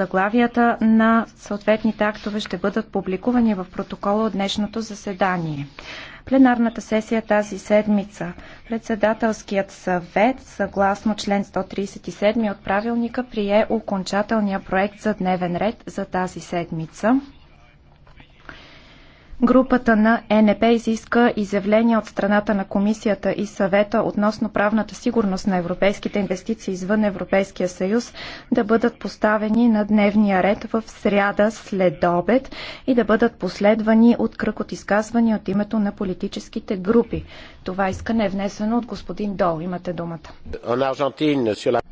Заглавията на съответните актове ще бъдат публикувани в протокола от днешното заседание. Пленарната сесия тази седмица. Председателският съвет, съгласно член 137 от правилника, прие окончателния проект за дневен ред за тази седмица. Групата на ЕНП изиска изявление от страната на комисията и съвета относно правната сигурност на европейските инвестиции извън Европейския съюз да бъдат поставени на дневния ред в сряда след обед и да бъдат последвани от кръг от изказвания от името на политическите групи. Това искане е внесено от господин Дол. Имате думата.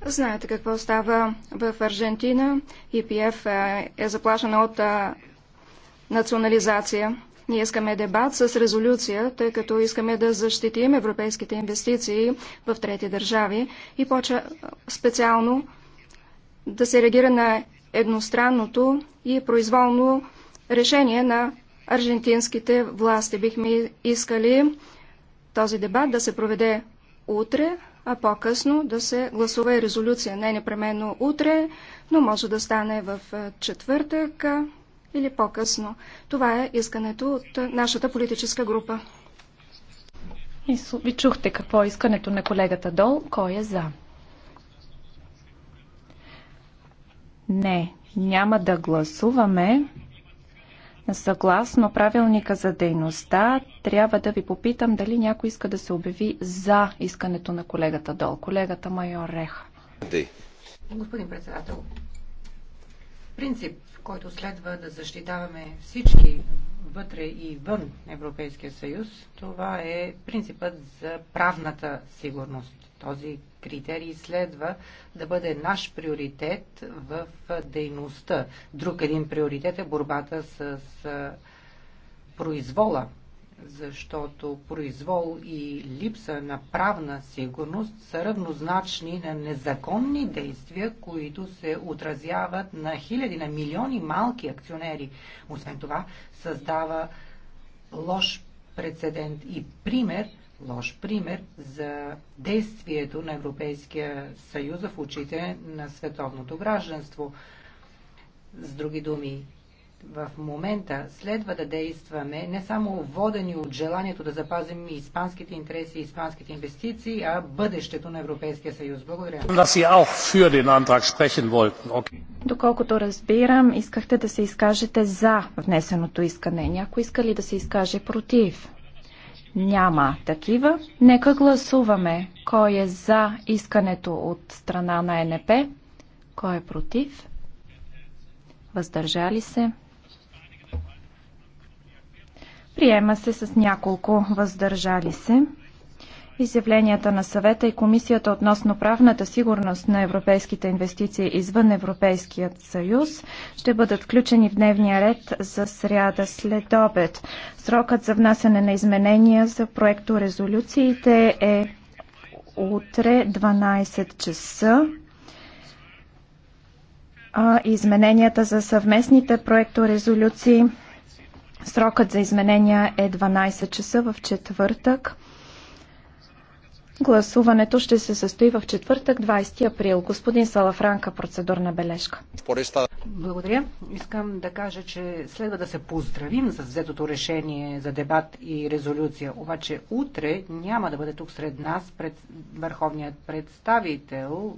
Знаете какво става в Аржентина? ИПФ е, е заплашена от национализация. Ние искаме дебат с резолюция, тъй като искаме да защитим европейските инвестиции в трети държави и поча специално да се реагира на едностранното и произволно решение на аржентинските власти. Бихме искали този дебат да се проведе утре, а по-късно да се гласува и резолюция. Не непременно утре, но може да стане в е, четвъртък или по-късно. Това е искането от нашата политическа група. И ви чухте какво е искането на колегата Дол. Кой е за? Не, няма да гласуваме. Съгласно правилника за дейността, трябва да ви попитам дали някой иска да се обяви за искането на колегата Дол. Колегата майор Реха. Господин председател, принцип, който следва да защитаваме всички вътре и вън Европейския съюз, това е принципът за правната сигурност. Този критерий следва да бъде наш приоритет в дейността. Друг един приоритет е борбата с произвола защото произвол и липса на правна сигурност са равнозначни на незаконни действия, които се отразяват на хиляди, на милиони малки акционери. Освен това, създава лош прецедент и пример, лош пример за действието на Европейския съюз в очите на световното гражданство. С други думи, в момента следва да действаме не само водени от желанието да запазим испанските интереси и испанските инвестиции, а бъдещето на Европейския съюз. Благодаря. Доколкото разбирам, искахте да се изкажете за внесеното искане. Някой иска ли да се изкаже против? Няма такива. Нека гласуваме кой е за искането от страна на НП, кой е против, въздържали се. Приема се с няколко въздържали се. Изявленията на съвета и комисията относно правната сигурност на европейските инвестиции извън Европейският съюз ще бъдат включени в дневния ред за сряда след обед. Срокът за внасяне на изменения за проекто резолюциите е утре 12 часа. А измененията за съвместните проекторезолюции резолюции Срокът за изменения е 12 часа в четвъртък. Гласуването ще се състои в четвъртък, 20 април. Господин Салафранка, процедурна бележка. Благодаря. Искам да кажа, че следва да се поздравим с взетото решение за дебат и резолюция. Обаче утре няма да бъде тук сред нас пред върховният представител,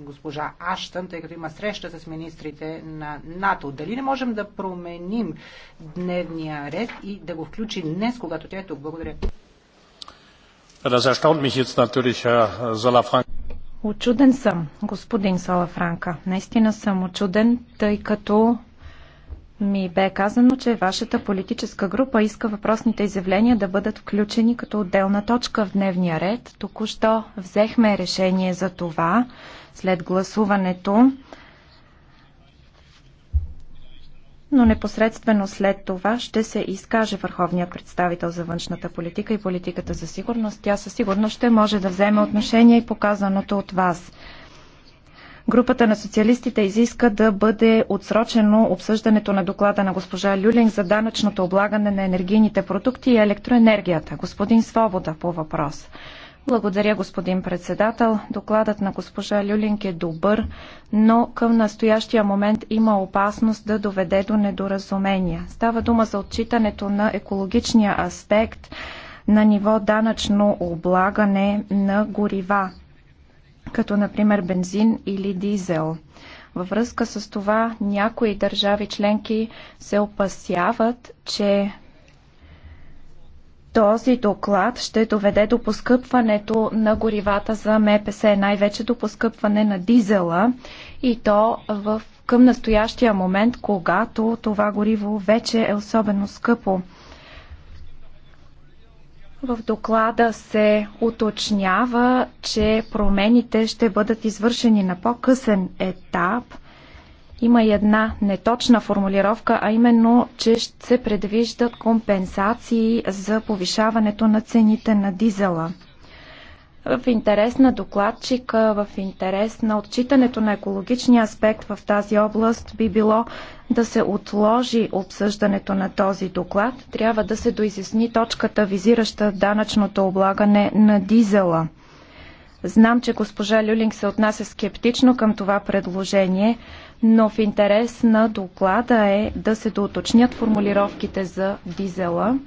госпожа Аштън, тъй като има среща с министрите на НАТО. Дали не можем да променим дневния ред и да го включим днес, когато тя е тук? Благодаря. Очуден съм, господин Салафранка. Наистина съм очуден, тъй като ми бе казано, че вашата политическа група иска въпросните изявления да бъдат включени като отделна точка в дневния ред. Току-що взехме решение за това след гласуването но непосредствено след това ще се изкаже върховният представител за външната политика и политиката за сигурност. Тя със сигурност ще може да вземе отношение и показаното от вас. Групата на социалистите изиска да бъде отсрочено обсъждането на доклада на госпожа Люлинг за данъчното облагане на енергийните продукти и електроенергията. Господин Свобода по въпрос. Благодаря, господин председател. Докладът на госпожа Люлинг е добър, но към настоящия момент има опасност да доведе до недоразумения. Става дума за отчитането на екологичния аспект на ниво данъчно облагане на горива, като например бензин или дизел. Във връзка с това някои държави членки се опасяват, че този доклад ще доведе до поскъпването на горивата за МПС, най-вече до поскъпване на дизела и то в, към настоящия момент, когато това гориво вече е особено скъпо. В доклада се уточнява, че промените ще бъдат извършени на по-късен етап – има и една неточна формулировка, а именно, че ще се предвиждат компенсации за повишаването на цените на дизела. В интерес на докладчика, в интерес на отчитането на екологичния аспект в тази област би било да се отложи обсъждането на този доклад. Трябва да се доизясни точката, визираща данъчното облагане на дизела. Знам, че госпожа Люлинг се отнася скептично към това предложение, но в интерес на доклада е да се доуточнят формулировките за дизела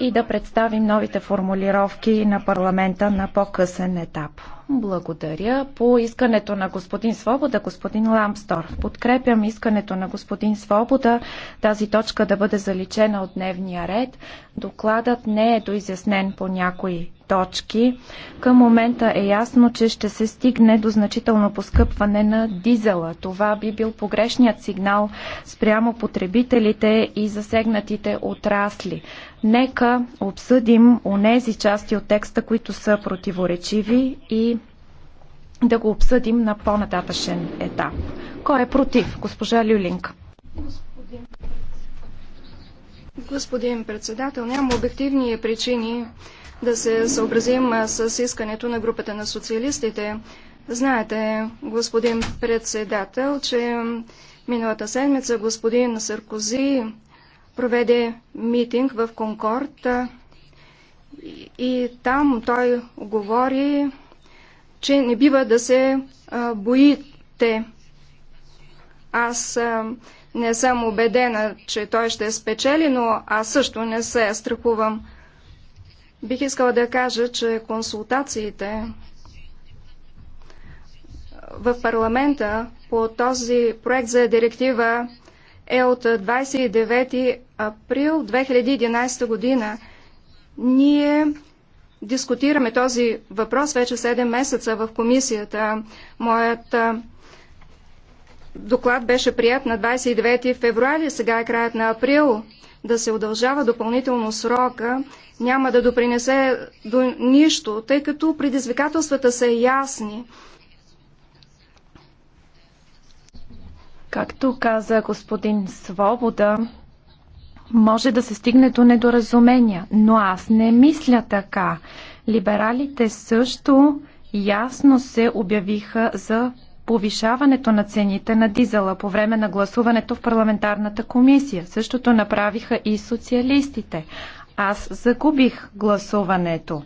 и да представим новите формулировки на парламента на по-късен етап. Благодаря. По искането на господин Свобода, господин Ламстор, подкрепям искането на господин Свобода тази точка да бъде заличена от дневния ред. Докладът не е доизяснен по някои точки. Към момента е ясно, че ще се стигне до значително поскъпване на дизела. Това би бил погрешният сигнал спрямо потребителите и засегнатите отрасли. Нека обсъдим онези части от текста, които са противоречиви и да го обсъдим на по-нататъчен етап. Кой е против? Госпожа Люлинг. Господин, Господин председател, няма обективни причини да се съобразим с искането на групата на социалистите. Знаете, господин председател, че миналата седмица господин Саркози проведе митинг в Конкорд и там той говори че не бива да се а, боите. Аз а, не съм убедена, че той ще спечели, но аз също не се страхувам. Бих искала да кажа, че консултациите в парламента по този проект за директива е от 29 април 2011 година. Ние Дискутираме този въпрос вече 7 месеца в комисията. Моят доклад беше прият на 29 февруари, сега е краят на април. Да се удължава допълнително срока няма да допринесе до нищо, тъй като предизвикателствата са ясни. Както каза господин Свобода, може да се стигне до недоразумения, но аз не мисля така. Либералите също ясно се обявиха за повишаването на цените на дизела по време на гласуването в парламентарната комисия. Същото направиха и социалистите. Аз загубих гласуването.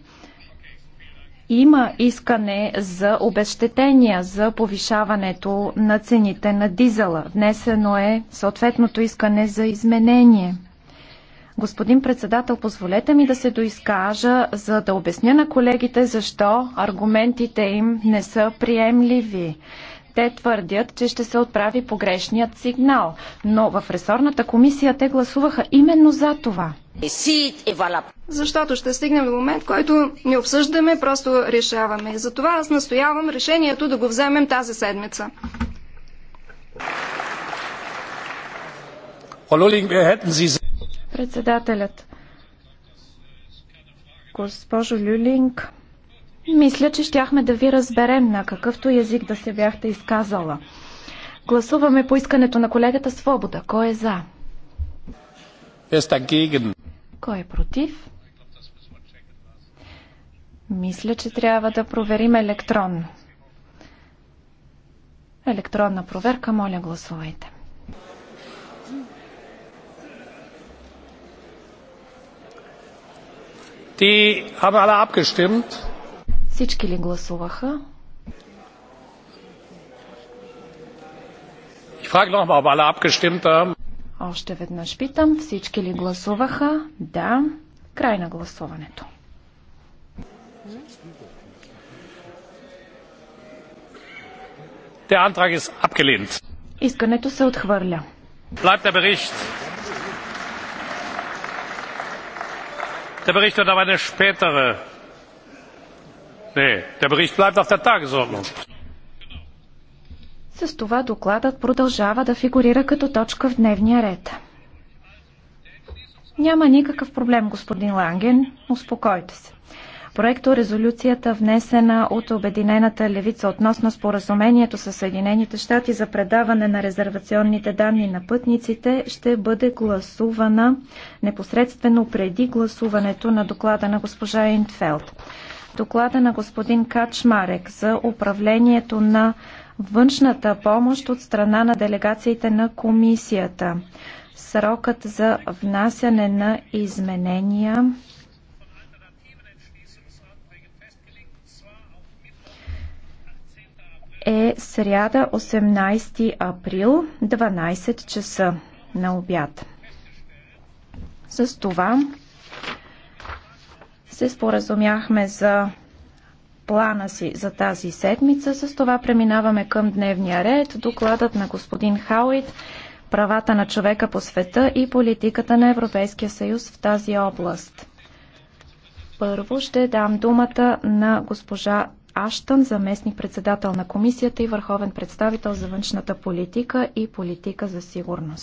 Има искане за обещетения за повишаването на цените на дизела. Внесено е съответното искане за изменение. Господин председател, позволете ми да се доизкажа, за да обясня на колегите защо аргументите им не са приемливи. Те твърдят, че ще се отправи погрешният сигнал, но в ресорната комисия те гласуваха именно за това. Защото ще стигнем до момент, който не обсъждаме, просто решаваме. Затова аз настоявам решението да го вземем тази седмица. wir hätten Sie Председателят. Госпожо Люлинг, мисля, че щяхме да ви разберем на какъвто език да се бяхте изказала. Гласуваме по искането на колегата Свобода. Кой е за? Кой е против? Мисля, че трябва да проверим електронно. Електронна проверка, моля гласувайте. Die haben alle abgestimmt. Всички ли гласуваха? Ich frage noch mal, ob alle abgestimmt haben. Още веднъж питам, всички ли гласуваха? Да. Край на гласуването. Der Antrag ist abgelehnt. Искането се отхвърля. Bleibt der Bericht der bericht wird aber eine spätere nee, der bericht bleibt auf der tagesordnung. С това докладът продължава да фигурира като точка в дневния ред. Няма никакъв проблем, господин Ланген. Успокойте се. Проекто резолюцията, внесена от Обединената левица относно споразумението с Съединените щати за предаване на резервационните данни на пътниците, ще бъде гласувана непосредствено преди гласуването на доклада на госпожа Инфелд. Доклада на господин Качмарек за управлението на външната помощ от страна на делегациите на комисията. Срокът за внасяне на изменения е сряда 18 април 12 часа на обяд. С това се споразумяхме за плана си за тази седмица. С това преминаваме към дневния ред. Докладът на господин Хауит правата на човека по света и политиката на Европейския съюз в тази област. Първо ще дам думата на госпожа Аштън, заместник председател на комисията и върховен представител за външната политика и политика за сигурност.